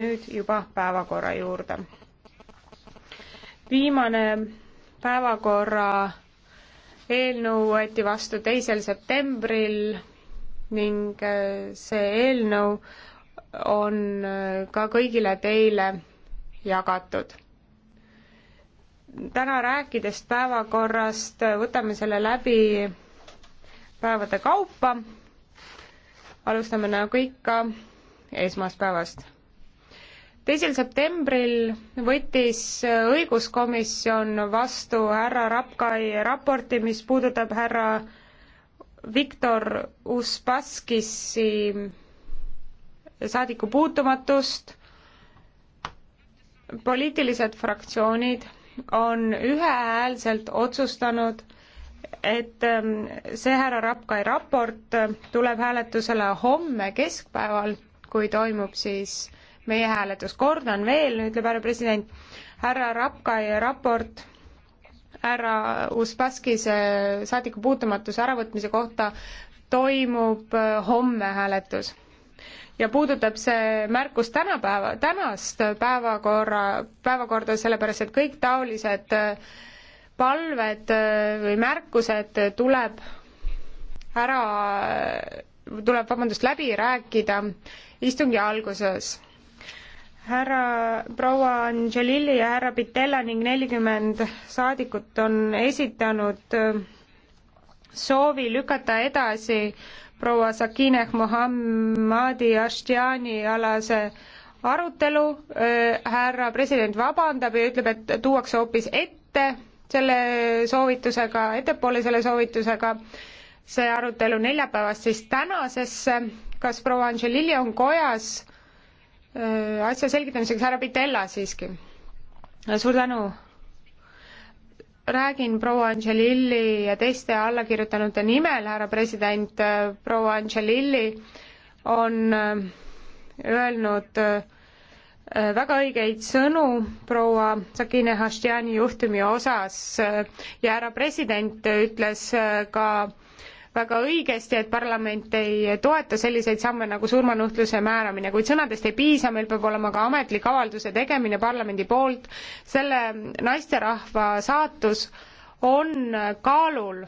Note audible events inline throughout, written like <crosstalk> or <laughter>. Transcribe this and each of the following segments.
nüüd juba päevakorra juurde. viimane päevakorra eelnõu võeti vastu teisel septembril ning äh, see eelnõu on äh, ka kõigile teile jagatud. täna rääkides päevakorrast, võtame selle läbi päevade kaupa. alustame nagu ikka esmaspäevast teisel septembril võttis õiguskomisjon vastu härra Rapkai raporti, mis puudutab härra Viktor Uspaskisi saadiku puutumatust. poliitilised fraktsioonid on ühehäälselt otsustanud, et ähm, see härra Rapkai raport tuleb hääletusele homme keskpäeval, kui toimub siis meie hääletus. kordan veel, ütleb härra president, härra Rapkai raport härra Uspaskise saadiku puutumatuse äravõtmise kohta toimub äh, homme hääletus ja puudutab see märkus tänapäeva, tänast päevakorra, päevakorda, sellepärast et kõik taolised äh, palved äh, või märkused tuleb ära, tuleb, vabandust, läbi rääkida istungi alguses härra proua Angelilli ja härra Pitella ning nelikümmend saadikut on esitanud äh, soovi lükata edasi proua Sakineh Mohammadi Ashtiani alase arutelu, äh, härra president vabandab ja ütleb, et tuuakse hoopis ette selle soovitusega, ettepoole selle soovitusega see arutelu neljapäevast siis tänasesse, kas proua Angelilli on kojas Äh, asja selgitamiseks, härra Pitella siiski. suur tänu. räägin proua Angelilli ja teiste allakirjutanute nimel, härra president, äh, proua Angelilli on äh, öelnud väga õigeid sõnu proua Sakine Hashtiani juhtumi osas ja härra president ütles ka väga õigesti, et parlament ei toeta selliseid samme nagu surmanuhtluse määramine, kuid sõnadest ei piisa, meil peab olema ka ametlik avalduse tegemine parlamendi poolt. selle naisterahva saatus on kaalul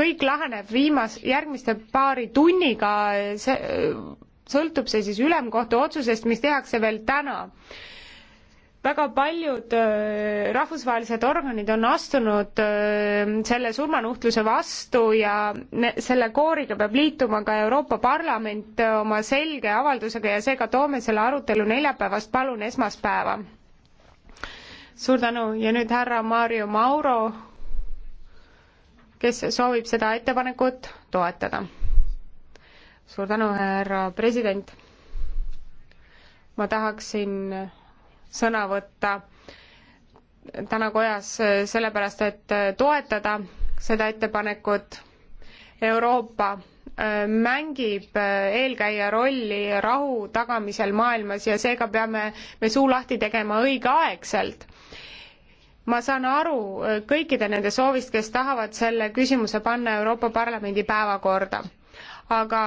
kõik laheneb viimas-, järgmiste paari tunniga, see, sõltub see siis ülemkohtu otsusest, mis tehakse veel täna väga paljud äh, rahvusvahelised organid on astunud äh, selle surmanuhtluse vastu ja selle kooriga peab liituma ka Euroopa Parlament äh, oma selge avaldusega ja seega toome selle arutelu neljapäevast palun esmaspäeva. suur tänu ja nüüd härra Maarjo Mauro, kes soovib seda ettepanekut toetada. suur tänu, härra president. ma tahaksin sõna võtta täna kojas äh, sellepärast, et äh, toetada seda ettepanekut. Euroopa äh, mängib eelkäija rolli rahu tagamisel maailmas ja seega peame me suu lahti tegema õigeaegselt ma saan aru kõikide nende soovist, kes tahavad selle küsimuse panna Euroopa Parlamendi päevakorda. aga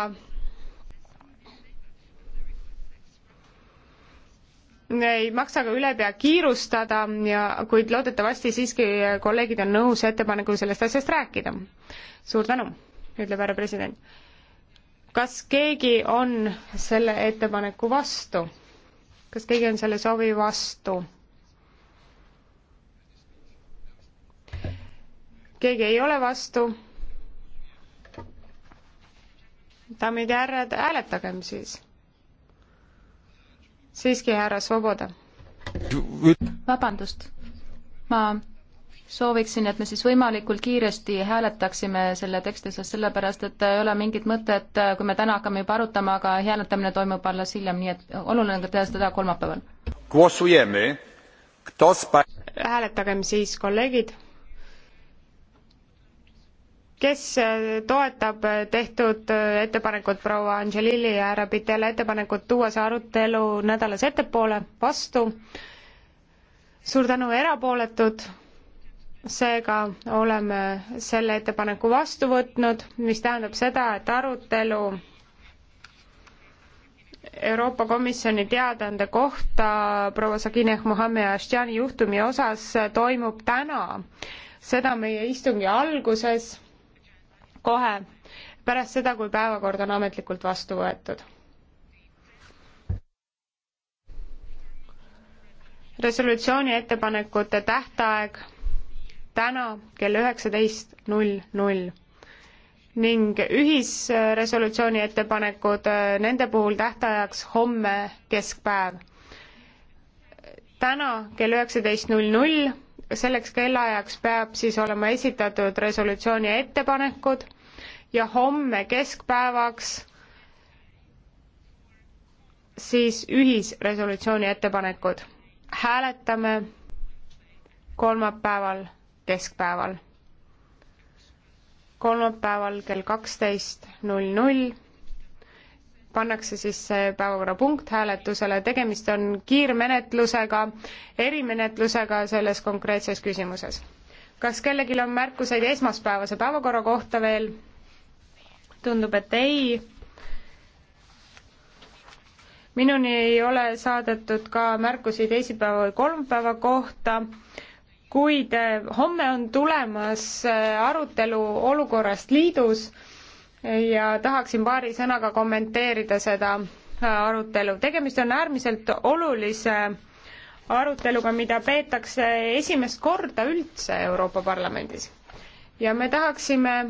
ei maksa ka ülepea kiirustada ja kuid loodetavasti siiski kolleegid on nõus ettepanekul sellest asjast rääkida. suur tänu, ütleb härra president. kas keegi on selle ettepaneku vastu? kas keegi on selle soovi vastu? keegi ei ole vastu? daamid ja härrad, hääletagem siis siiski, härra Svoboda. vabandust, ma sooviksin, et me siis võimalikult kiiresti hääletaksime selle teksti, sest sellepärast, et ei ole mingit mõtet, kui me täna hakkame juba arutama, aga hääletamine toimub alles hiljem, nii et oluline on ka teha seda kolmapäeval. hääletagem siis, kolleegid kes äh, toetab äh, tehtud äh, ettepanekut proua Angelilli ja härra Pitele ettepanekut tuua see arutelu nädalas ettepoole, vastu. suur tänu, erapooletud. seega oleme selle ettepaneku vastu võtnud, mis tähendab seda, et arutelu Euroopa Komisjoni teadaande kohta proua Sagineh Muhamed Ashtiani juhtumi osas toimub täna, seda meie istungi alguses kohe pärast seda, kui päevakord on ametlikult vastu võetud. resolutsiooni ettepanekute tähtaeg täna kell üheksateist null null ning ühisresolutsiooni ettepanekud, äh, nende puhul tähtajaks homme keskpäev. täna kell üheksateist null null selleks kellaajaks peab siis olema esitatud resolutsiooni ettepanekud ja homme keskpäevaks siis ühisresolutsiooni ettepanekud. hääletame kolmapäeval keskpäeval kolmapäeval kell kaksteist null null pannakse siis see päevakorrapunkt hääletusele, tegemist on kiirmenetlusega, erimenetlusega selles konkreetses küsimuses. kas kellelgi on märkuseid esmaspäevase päevakorra kohta veel? tundub, et ei. minuni ei ole saadetud ka märkusi teisipäeva või kolmapäeva kohta, kuid homme on tulemas äh, arutelu olukorrast liidus ja tahaksin paari sõnaga kommenteerida seda äh, arutelu. tegemist on äärmiselt olulise äh, aruteluga, mida peetakse esimest korda üldse Euroopa Parlamendis. ja me tahaksime äh,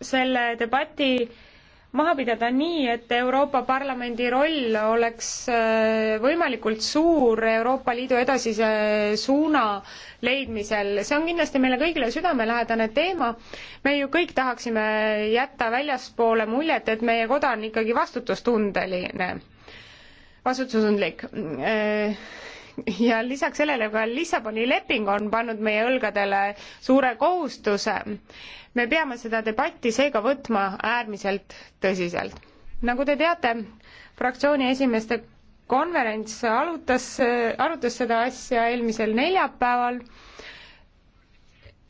selle debati maha pidada nii, et Euroopa Parlamendi roll oleks äh, võimalikult suur Euroopa Liidu edasise suuna leidmisel. see on kindlasti meile kõigile südamelähedane teema. me ju kõik tahaksime jätta väljaspoole muljet, et meie koda on ikkagi vastutustundeline, vastutustundlik äh, <laughs> ja lisaks sellele ka Lissaboni leping on pannud meie õlgadele suure kohustuse. me peame seda debatti seega võtma äärmiselt tõsiselt. nagu te teate, fraktsiooni esimeeste konverents arutas, arutas seda asja eelmisel neljapäeval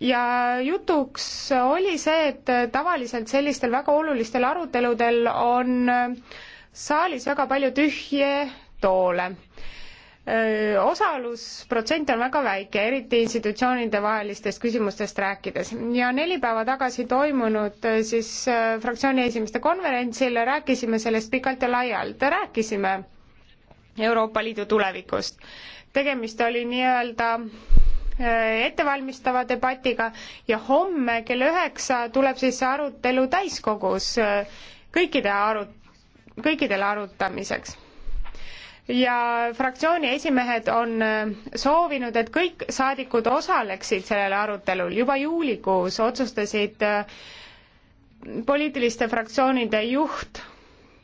ja jutuks oli see, et tavaliselt sellistel väga olulistel aruteludel on saalis väga palju tühje toole osalusprotsent on väga väike, eriti institutsioonide vahelistest küsimustest rääkides. ja neli päeva tagasi toimunud siis fraktsiooni esimeeste konverentsil rääkisime sellest pikalt ja laialt, rääkisime Euroopa Liidu tulevikust. tegemist oli nii-öelda ettevalmistava debatiga ja homme kell üheksa tuleb siis see arutelu täiskogus kõikide arut-, kõikidele arutamiseks ja fraktsiooni esimehed on äh, soovinud, et kõik saadikud osaleksid sellel arutelul. juba juulikuus otsustasid äh, poliitiliste fraktsioonide juht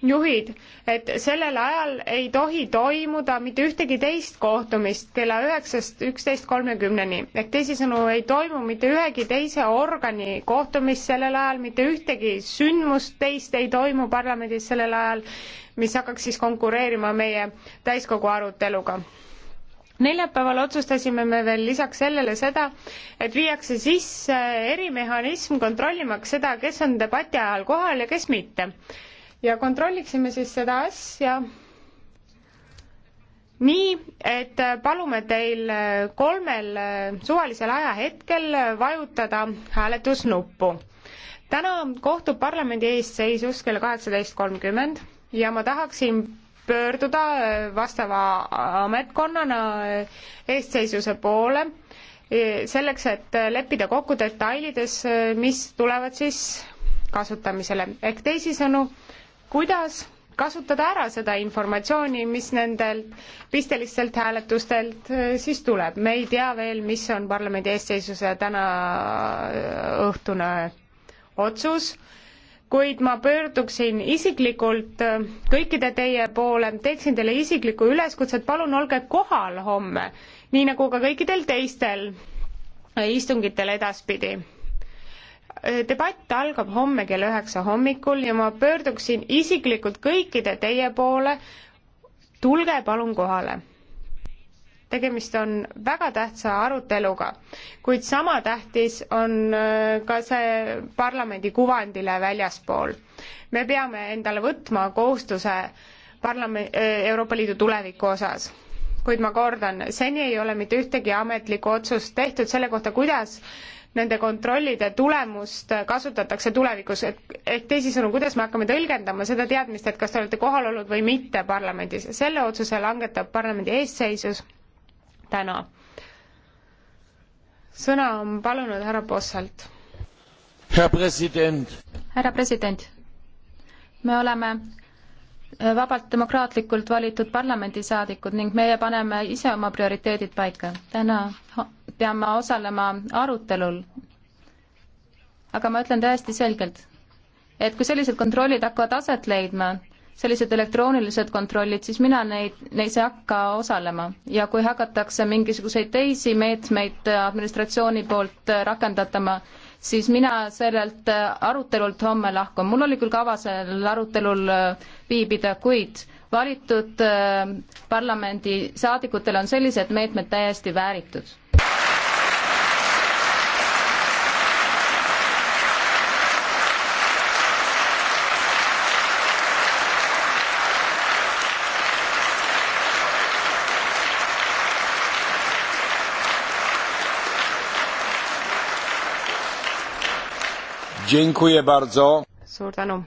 juhid, et sellel ajal ei tohi toimuda mitte ühtegi teist kohtumist kella üheksast üksteist kolmekümneni. ehk teisisõnu ei toimu mitte ühegi teise organi kohtumist sellel ajal, mitte ühtegi sündmust teist ei toimu parlamendis sellel ajal, mis hakkaks siis konkureerima meie täiskogu aruteluga neljapäeval otsustasime me veel lisaks sellele seda, et viiakse sisse erimehhanism kontrollimaks seda, kes on debati ajal kohal ja kes mitte ja kontrolliksime siis seda asja nii, et palume teil kolmel suvalisel ajahetkel vajutada hääletusnuppu. täna kohtub parlamendi eesseisus kell kaheksateist kolmkümmend ja ma tahaksin pöörduda vastava ametkonnana eestseisuse poole, e, selleks, et leppida kokku detailides, mis tulevad siis kasutamisele, ehk teisisõnu, kuidas kasutada ära seda informatsiooni, mis nendelt pistelistelt hääletustelt äh, siis tuleb. me ei tea veel, mis on parlamendi eesseisuse tänaõhtune äh, otsus, kuid ma pöörduksin isiklikult äh, kõikide teie poole, teeksin teile isikliku üleskutse, et palun olge kohal homme, nii nagu ka kõikidel teistel istungitel edaspidi debatt algab homme kell üheksa hommikul ja ma pöörduksin isiklikult kõikide teie poole, tulge palun kohale. tegemist on väga tähtsa aruteluga, kuid sama tähtis on äh, ka see parlamendi kuvandile väljaspool. me peame endale võtma kohustuse parlamend, äh, Euroopa Liidu tuleviku osas kuid ma kordan, seni ei ole mitte ühtegi ametlikku otsust tehtud selle kohta, kuidas nende kontrollide tulemust kasutatakse tulevikus, et ehk teisisõnu, kuidas me hakkame tõlgendama seda teadmist, et kas te olete kohal olnud või mitte parlamendis, selle otsuse langetab parlamendi eesseisus täna. sõna on palunud härra Bossalt. härra president. härra president, me oleme vabalt demokraatlikult valitud parlamendisaadikud ning meie paneme ise oma prioriteedid paika. täna peame osalema arutelul. aga ma ütlen täiesti selgelt, et kui sellised kontrollid hakkavad aset leidma, sellised elektroonilised kontrollid, siis mina neid, neis ei hakka osalema ja kui hakatakse mingisuguseid teisi meetmeid administratsiooni poolt rakendatama, siis mina sellelt äh, arutelult homme lahkun. mul oli küll kava sellel arutelul äh, viibida, kuid valitud äh, parlamendisaadikutel on sellised meetmed täiesti vääritud suur tänu.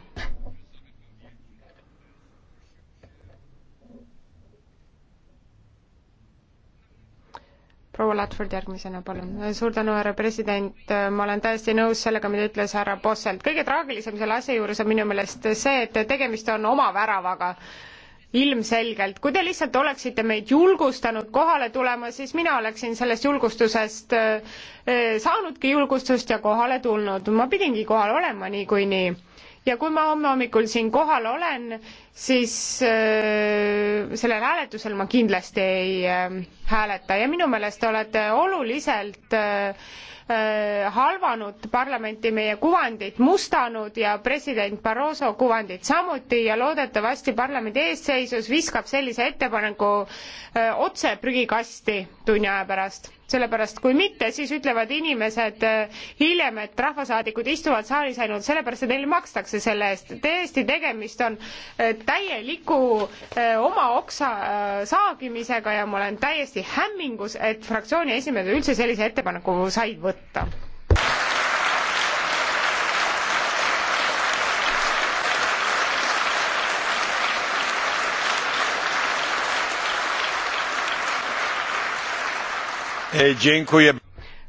proua Ladford järgmisena, palun. suur tänu, härra president, ma olen täiesti nõus sellega, mida ütles härra Posselt. kõige traagilisem selle asja juures on minu meelest see, et tegemist on oma väravaga ilmselgelt. kui te lihtsalt oleksite meid julgustanud kohale tulema, siis mina oleksin sellest julgustusest äh, äh, saanudki julgustust ja kohale tulnud. ma pidingi kohal olema niikuinii. ja kui ma homme hommikul siin kohal olen, siis äh, sellel hääletusel ma kindlasti ei äh, hääleta ja minu meelest te olete oluliselt äh, halvanud parlamenti, meie kuvandit mustanud ja president Barroso kuvandit samuti ja loodetavasti parlamendi eesseisus viskab sellise ettepaneku otse prügikasti tunni aja pärast. sellepärast, kui mitte, siis ütlevad inimesed hiljem, et rahvasaadikud istuvad saalis ainult sellepärast, et neile makstakse selle eest. täiesti tegemist on täieliku oma oksa saagimisega ja ma olen täiesti hämmingus, et fraktsiooni esimehed üldse sellise ettepaneku said võtta. Eh,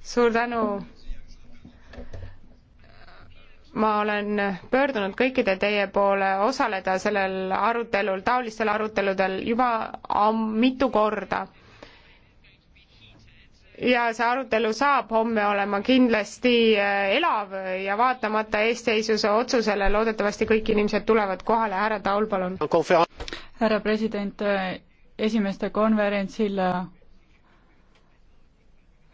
suur tänu ma olen pöördunud kõikide teie poole osaleda sellel arutelul, taolistel aruteludel juba mitu korda. ja see arutelu saab homme olema kindlasti äh, elav ja vaatamata eesseisuse otsusele loodetavasti kõik inimesed tulevad kohale, härra Taul, palun. härra president, äh, esimeste konverentsil äh,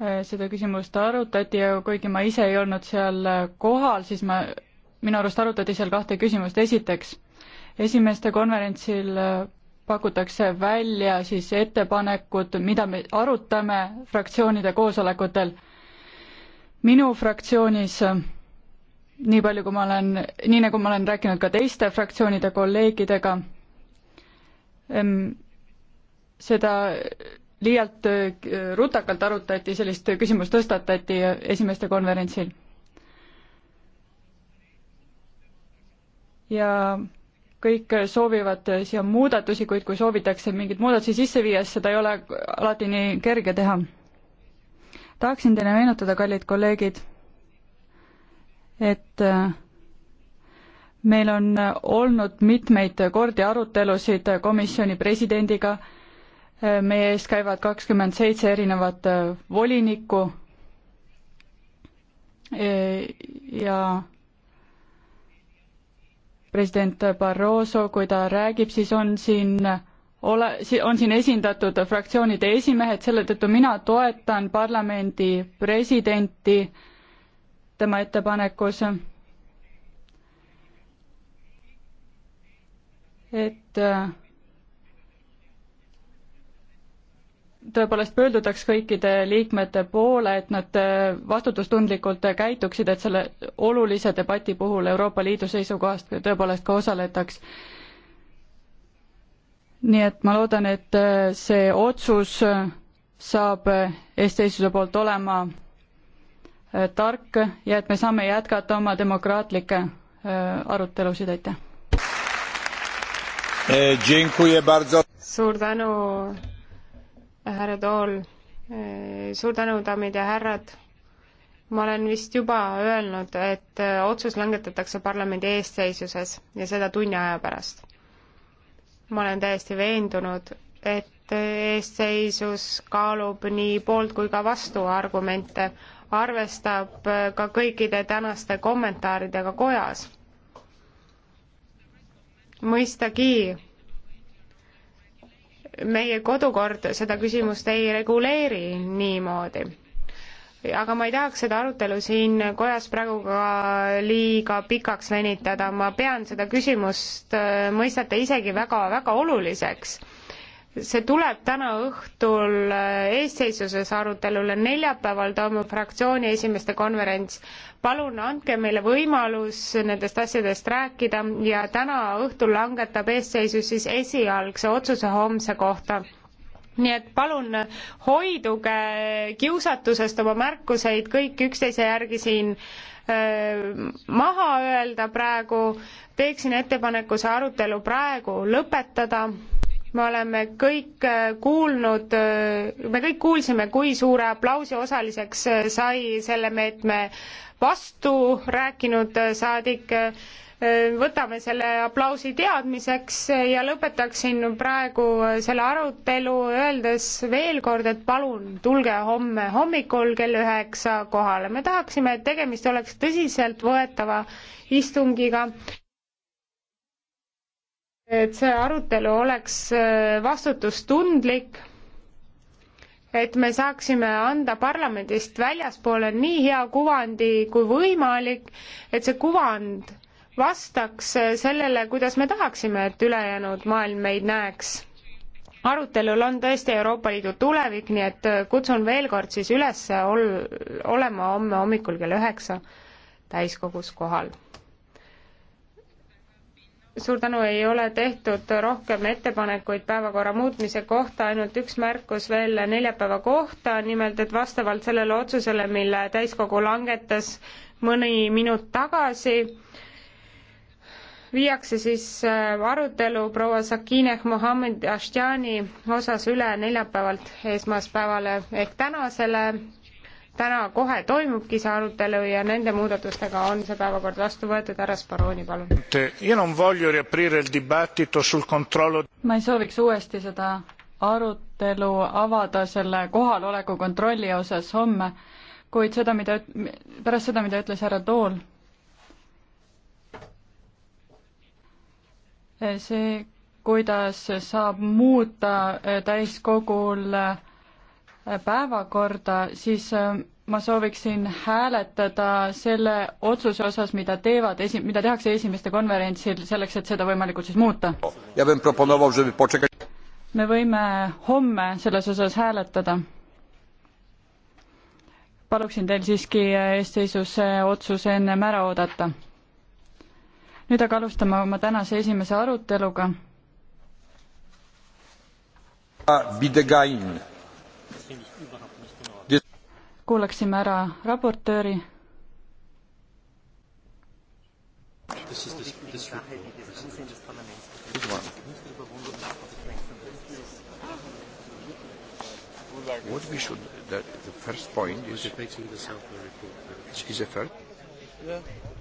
Äh, seda küsimust arutati ja kuigi ma ise ei olnud seal äh, kohal, siis ma, minu arust arutati seal kahte küsimust, esiteks, esimeste konverentsil äh, pakutakse välja siis ettepanekud, mida me arutame fraktsioonide koosolekutel. minu fraktsioonis nii palju, kui ma olen, nii nagu ma olen rääkinud ka teiste fraktsioonide kolleegidega, ehm, seda liialt äh, rutakalt arutati, sellist küsimust tõstatati esimeste konverentsil. ja kõik soovivad siia muudatusi, kuid kui soovitakse mingeid muudatusi sisse viia, siis seda ei ole alati nii kerge teha. tahaksin teile meenutada, kallid kolleegid, et äh, meil on olnud mitmeid kordi arutelusid komisjoni presidendiga, meie ees käivad kakskümmend seitse erinevat äh, volinikku e, ja president Barroso, kui ta räägib, siis on siin ole, on siin esindatud fraktsioonide esimehed, selle tõttu mina toetan parlamendi presidenti tema ettepanekus. et äh, tõepoolest pöördutaks kõikide liikmete poole, et nad äh, vastutustundlikult käituksid, et selle olulise debati puhul Euroopa Liidu seisukohast tõepoolest ka osaletaks. nii et ma loodan, et äh, see otsus äh, saab eestseisus poolt olema tark ja et me saame jätkata oma demokraatlikke arutelusid, aitäh! Eh, suur tänu härra Tool, eh, suur tänu, daamid ja härrad. ma olen vist juba öelnud, et eh, otsus langetatakse parlamendi eestseisuses ja seda tunni aja pärast. ma olen täiesti veendunud, et eesseisus kaalub nii poolt kui ka vastu argumente, arvestab eh, ka kõikide tänaste kommentaaridega kojas. mõistagi meie kodukord seda küsimust ei reguleeri niimoodi. aga ma ei tahaks seda arutelu siin kojas praegu ka liiga pikaks venitada, ma pean seda küsimust äh, mõistata isegi väga-väga oluliseks see tuleb täna õhtul äh, eesseisuses arutelule, neljapäeval toimub fraktsiooni esimeeste konverents. palun andke meile võimalus nendest asjadest rääkida ja täna õhtul langetab eesseisus siis esialgse otsuse homse kohta nii et palun hoiduge kiusatusest oma märkuseid kõik üksteise järgi siin äh, maha öelda praegu, teeksin ettepaneku see arutelu praegu lõpetada me oleme kõik äh, kuulnud, äh, me kõik kuulsime, kui suure aplausi osaliseks äh, sai selle meetme vastu rääkinud saadik. võtame selle aplausi teadmiseks ja lõpetaksin praegu selle arutelu, öeldes veel kord, et palun tulge homme hommikul kell üheksa kohale. me tahaksime, et tegemist oleks tõsiseltvõetava istungiga et see arutelu oleks äh, vastutustundlik, et me saaksime anda parlamendist väljaspoole nii hea kuvandi kui võimalik, et see kuvand vastaks äh, sellele, kuidas me tahaksime, et ülejäänud maailm meid näeks arutelul on tõesti Euroopa Liidu tulevik, nii et äh, kutsun veel kord siis üles ol-, olema homme hommikul kell üheksa täiskogus kohal suur tänu, ei ole tehtud rohkem ettepanekuid päevakorra muutmise kohta, ainult üks märkus veel neljapäeva kohta, nimelt et vastavalt sellele otsusele, mille täiskogu langetas mõni minut tagasi, viiakse siis äh, arutelu proua Sakineh Mohammed Ashtiani osas üle neljapäevalt esmaspäevale ehk tänasele täna kohe toimubki see arutelu ja nende muudatustega on see päevakord vastu võetud, härra Sparoni, palun. ma ei sooviks uuesti seda arutelu avada selle kohaloleku kontrolli osas homme, kuid seda, mida, pärast seda, mida ütles härra Tool, see, kuidas saab muuta täiskogul äh, päevakorda, siis äh, ma sooviksin hääletada selle otsuse osas, mida teevad esi-, mida tehakse esimeste konverentsil selleks, et seda võimalikult siis muuta. me võime homme selles osas hääletada. paluksin teil siiski äh, eesseisus see äh, otsus ennem ära oodata. nüüd aga alustame oma tänase esimese aruteluga. Videgain kuulaksime ära raportööri. This is this, this report. This one. What we should, the, the first point is. We're debating the Southwell report now. Is it first? Yeah.